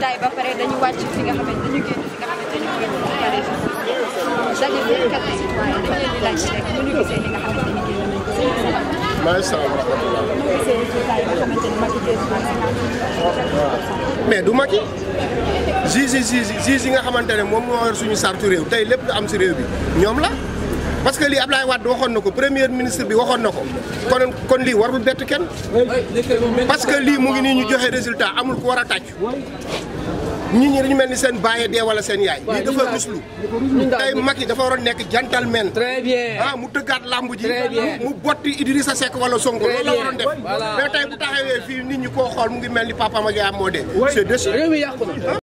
jotaay ba pare dañu wàcc fi maa sha mais du Macky juge juge juge yi nga xamante ne moom moo yor suñu sartu réew tey lépp am si réew bi ñoom la parce que lii Ablaye Wade waxoon na ko premier ministre bi waxoon na ko kon kon lii warul bett kenn parce que lii mu ngi nii ñu joxe résultat amul ku war a tàcc nit ñi dañu mel ni seen bàyyi dee wala seen yaay lii dafa ruslu tey yi dafa waroon nekk jantal très bien ah mu tëggaat làmb ji mu botti Idrissa Seck wala Sonko loolu la waroon def mais tey bu taxawee fii nit ñi koo xool mu ngi mel ni papa ma gaa moo dee